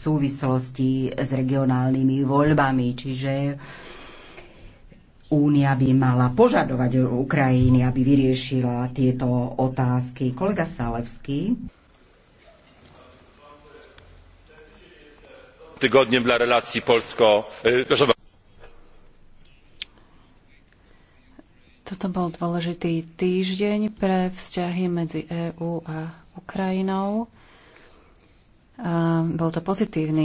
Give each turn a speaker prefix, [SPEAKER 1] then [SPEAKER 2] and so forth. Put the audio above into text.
[SPEAKER 1] súvislosti s regionálnymi voľbami. Čiže Únia by mala požadovať Ukrajiny, aby vyriešila tieto otázky. Kolega Salevský.
[SPEAKER 2] Tygodniem dla relacji Polsko... E,
[SPEAKER 3] Toto bol dôležitý týždeň pre vzťahy medzi EÚ a Ukrajinou bol to
[SPEAKER 4] pozitívny